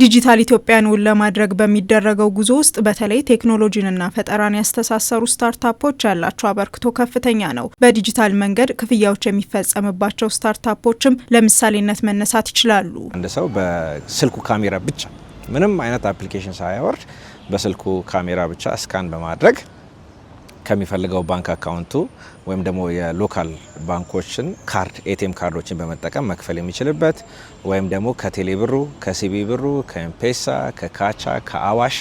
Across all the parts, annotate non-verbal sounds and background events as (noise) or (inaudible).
ዲጂታል ኢትዮጵያን እውን ለማድረግ በሚደረገው ጉዞ ውስጥ በተለይ ቴክኖሎጂንና ፈጠራን ያስተሳሰሩ ስታርታፖች ያላቸው አበርክቶ ከፍተኛ ነው። በዲጂታል መንገድ ክፍያዎች የሚፈጸምባቸው ስታርታፖችም ለምሳሌነት መነሳት ይችላሉ። አንድ ሰው በስልኩ ካሜራ ብቻ ምንም አይነት አፕሊኬሽን ሳያወርድ በስልኩ ካሜራ ብቻ እስካን በማድረግ ከሚፈልገው ባንክ አካውንቱ ወይም ደግሞ የሎካል ባንኮችን ካርድ ኤቲኤም ካርዶችን በመጠቀም መክፈል የሚችልበት ወይም ደግሞ ከቴሌ ብሩ፣ ከሲቢ ብሩ፣ ከኤምፔሳ፣ ከካቻ፣ ከአዋሽ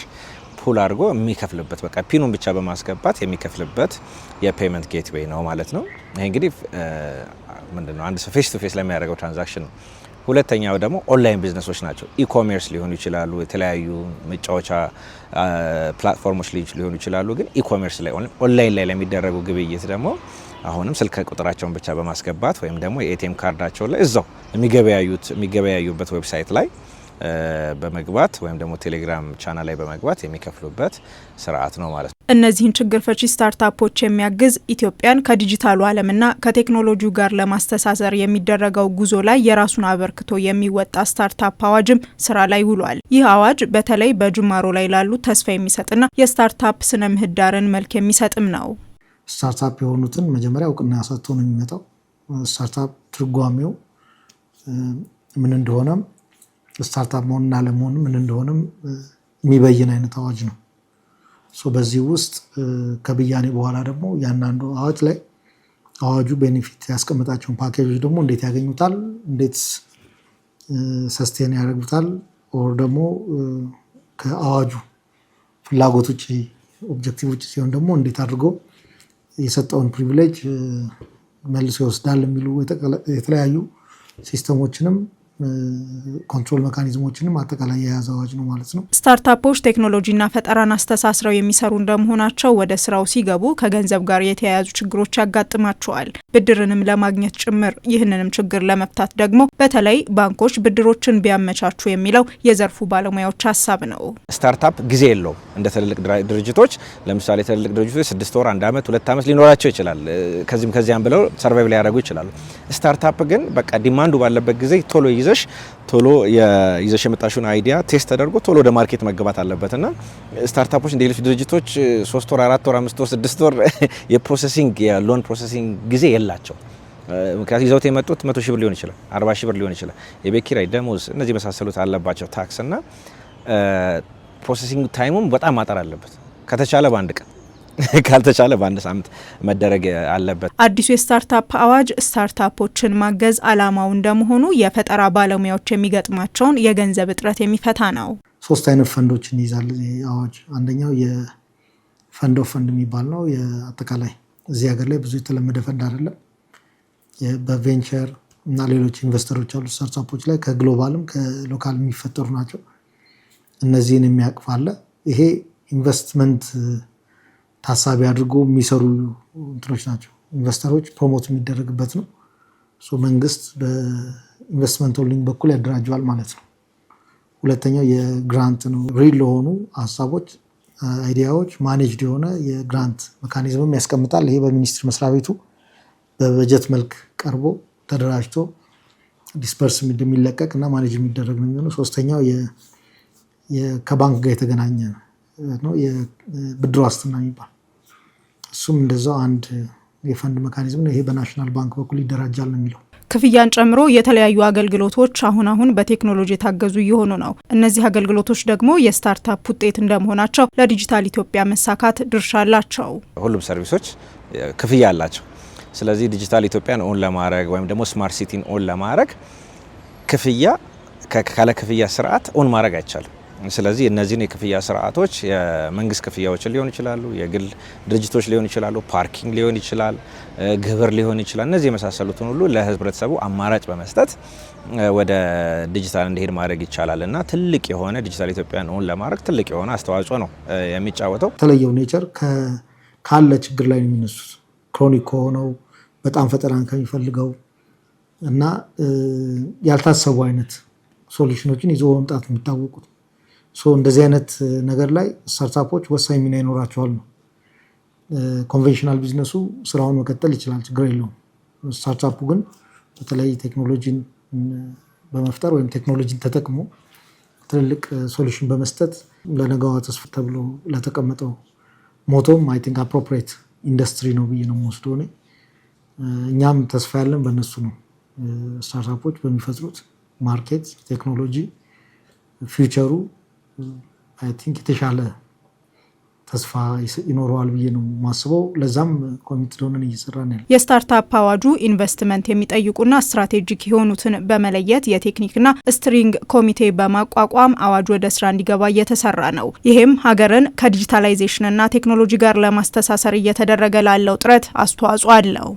ፑል አድርጎ የሚከፍልበት በቃ ፒኑን ብቻ በማስገባት የሚከፍልበት የፔመንት ጌትዌይ ነው ማለት ነው። ይህ እንግዲህ ምንድን ነው አንድ ሰው ፌስ ቱ ፌስ ለሚያደርገው ትራንዛክሽን ነው። ሁለተኛው ደግሞ ኦንላይን ቢዝነሶች ናቸው። ኢኮሜርስ ሊሆኑ ይችላሉ፣ የተለያዩ መጫወቻ ፕላትፎርሞች ሊሆኑ ይችላሉ። ግን ኢኮሜርስ ላይ ኦንላይን ላይ ለሚደረጉ ግብይት ደግሞ አሁንም ስልክ ቁጥራቸውን ብቻ በማስገባት ወይም ደግሞ የኤቲኤም ካርዳቸውን ላይ እዛው የሚገበያዩት የሚገበያዩበት ዌብሳይት ላይ በመግባት ወይም ደግሞ ቴሌግራም ቻናል ላይ በመግባት የሚከፍሉበት ስርዓት ነው ማለት ነው። እነዚህን ችግር ፈቺ ስታርታፖች የሚያግዝ ኢትዮጵያን ከዲጂታሉ ዓለምና ከቴክኖሎጂው ጋር ለማስተሳሰር የሚደረገው ጉዞ ላይ የራሱን አበርክቶ የሚወጣ ስታርታፕ አዋጅም ስራ ላይ ውሏል። ይህ አዋጅ በተለይ በጅማሮ ላይ ላሉ ተስፋ የሚሰጥና የስታርታፕ ስነ ምህዳርን መልክ የሚሰጥም ነው። ስታርታፕ የሆኑትን መጀመሪያ እውቅና ሰጥቶ ነው የሚመጣው። ስታርታፕ ትርጓሜው ምን እንደሆነም ስታርታፕ መሆንና አለመሆን ምን እንደሆነም የሚበይን አይነት አዋጅ ነው። በዚህ ውስጥ ከብያኔ በኋላ ደግሞ ያንዳንዱ አዋጅ ላይ አዋጁ ቤኔፊት ያስቀመጣቸውን ፓኬጆች ደግሞ እንዴት ያገኙታል፣ እንዴት ሰስቴን ያደርጉታል፣ ኦር ደግሞ ከአዋጁ ፍላጎት ውጭ ኦብጀክቲቭ ውጭ ሲሆን ደግሞ እንዴት አድርጎ የሰጠውን ፕሪቪሌጅ መልሶ ይወስዳል የሚሉ የተለያዩ ሲስተሞችንም ኮንትሮል መካኒዝሞችንም አጠቃላይ የያዘ አዋጅ ነው ማለት ነው። ስታርታፖች ቴክኖሎጂና ፈጠራን አስተሳስረው የሚሰሩ እንደመሆናቸው ወደ ስራው ሲገቡ ከገንዘብ ጋር የተያያዙ ችግሮች ያጋጥማቸዋል፣ ብድርንም ለማግኘት ጭምር። ይህንንም ችግር ለመፍታት ደግሞ በተለይ ባንኮች ብድሮችን ቢያመቻቹ የሚለው የዘርፉ ባለሙያዎች ሀሳብ ነው። ስታርታፕ ጊዜ የለው እንደ ትልልቅ ድርጅቶች። ለምሳሌ ትልልቅ ድርጅቶች ስድስት ወር፣ አንድ ዓመት፣ ሁለት ዓመት ሊኖራቸው ይችላል። ከዚህም ከዚያም ብለው ሰርቫይቭ ሊያደርጉ ይችላሉ። ስታርታፕ ግን በቃ ዲማንዱ ባለበት ጊዜ ቶሎ ይዘ ይዘሽ ቶሎ ይዘሽ የመጣሽውን አይዲያ ቴስት ተደርጎ ቶሎ ወደ ማርኬት መገባት አለበት እና ስታርታፖች እንደ ሌሎች ድርጅቶች ሶስት ወር፣ አራት ወር፣ አምስት ወር፣ ስድስት ወር (laughs) የፕሮሰሲንግ የሎን ፕሮሰሲንግ ጊዜ የላቸው። ምክንያቱም ይዘውት የመጡት መቶ ሺህ ብር ሊሆን ይችላል፣ አርባ ሺህ ብር ሊሆን ይችላል። የቤት ኪራይ፣ ደሞዝ እነዚህ መሳሰሉት አለባቸው ታክስ እና ፕሮሰሲንግ ታይሙም በጣም ማጠር አለበት ከተቻለ በአንድ ቀን (laughs) ካልተቻለ በአንድ ሳምንት መደረግ አለበት። አዲሱ የስታርታፕ አዋጅ ስታርታፖችን ማገዝ አላማው እንደመሆኑ የፈጠራ ባለሙያዎች የሚገጥማቸውን የገንዘብ እጥረት የሚፈታ ነው። ሶስት አይነት ፈንዶችን ይይዛል አዋጅ። አንደኛው የፈንዶ ፈንድ የሚባል ነው። አጠቃላይ እዚህ ሀገር ላይ ብዙ የተለመደ ፈንድ አይደለም። በቬንቸር እና ሌሎች ኢንቨስተሮች አሉ ስታርታፖች ላይ ከግሎባልም ከሎካል የሚፈጠሩ ናቸው። እነዚህን የሚያቅፋለ ይሄ ኢንቨስትመንት ታሳቢ አድርጎ የሚሰሩ እንትኖች ናቸው። ኢንቨስተሮች ፕሮሞት የሚደረግበት ነው። መንግስት በኢንቨስትመንት ሆልዲንግ በኩል ያደራጀዋል ማለት ነው። ሁለተኛው የግራንት ነው። ሪል ለሆኑ ሀሳቦች፣ አይዲያዎች ማኔጅድ የሆነ የግራንት መካኒዝምም ያስቀምጣል። ይሄ በሚኒስቴር መስሪያ ቤቱ በበጀት መልክ ቀርቦ ተደራጅቶ ዲስፐርስ እንደሚለቀቅ እና ማኔጅ የሚደረግ ነው የሚሆነው። ሶስተኛው ከባንክ ጋር የተገናኘ ነው፣ የብድር ዋስትና የሚባል እሱም እንደዛው አንድ የፈንድ መካኒዝም ነው። ይሄ በናሽናል ባንክ በኩል ይደራጃል ነው የሚለው። ክፍያን ጨምሮ የተለያዩ አገልግሎቶች አሁን አሁን በቴክኖሎጂ የታገዙ እየሆኑ ነው። እነዚህ አገልግሎቶች ደግሞ የስታርታፕ ውጤት እንደመሆናቸው ለዲጂታል ኢትዮጵያ መሳካት ድርሻ አላቸው። ሁሉም ሰርቪሶች ክፍያ አላቸው። ስለዚህ ዲጂታል ኢትዮጵያን ኦን ለማድረግ ወይም ደግሞ ስማርት ሲቲን ኦን ለማድረግ ክፍያ ካለ ክፍያ ስርዓት ኦን ማድረግ አይቻልም። ስለዚህ እነዚህን የክፍያ ስርዓቶች የመንግስት ክፍያዎችን ሊሆን ይችላሉ፣ የግል ድርጅቶች ሊሆን ይችላሉ፣ ፓርኪንግ ሊሆን ይችላል፣ ግብር ሊሆን ይችላል። እነዚህ የመሳሰሉትን ሁሉ ለህብረተሰቡ አማራጭ በመስጠት ወደ ዲጂታል እንዲሄድ ማድረግ ይቻላል እና ትልቅ የሆነ ዲጂታል ኢትዮጵያን እውን ለማድረግ ትልቅ የሆነ አስተዋጽኦ ነው የሚጫወተው። የተለየው ኔቸር ካለ ችግር ላይ ነው የሚነሱት ክሮኒክ ከሆነው በጣም ፈጠራን ከሚፈልገው እና ያልታሰቡ አይነት ሶሉሽኖችን ይዞ መምጣት የሚታወቁት እንደዚህ አይነት ነገር ላይ ስታርታፖች ወሳኝ ሚና ይኖራቸዋል ነው። ኮንቬንሽናል ቢዝነሱ ስራውን መቀጠል ይችላል፣ ችግር የለውም። ስታርታፑ ግን በተለይ ቴክኖሎጂን በመፍጠር ወይም ቴክኖሎጂን ተጠቅሞ ትልልቅ ሶሉሽን በመስጠት ለነገዋ ተስፋ ተብሎ ለተቀመጠው ሞቶም አይ ቲንክ አፕሮፕሬት ኢንዱስትሪ ነው ብዬ ነው የምወስደው እኔ። እኛም ተስፋ ያለን በእነሱ ነው። ስታርታፖች በሚፈጥሩት ማርኬት ቴክኖሎጂ ፊውቸሩ አይ ቲንክ የተሻለ ተስፋ ይኖረዋል ብዬ ነው ማስበው። ለዛም ኮሚትድ እየሰራ ነው ያለ። የስታርታፕ አዋጁ ኢንቨስትመንት የሚጠይቁና ስትራቴጂክ የሆኑትን በመለየት የቴክኒክና ስትሪንግ ኮሚቴ በማቋቋም አዋጁ ወደ ስራ እንዲገባ እየተሰራ ነው። ይህም ሀገርን ከዲጂታላይዜሽንና ቴክኖሎጂ ጋር ለማስተሳሰር እየተደረገ ላለው ጥረት አስተዋጽኦ አለው።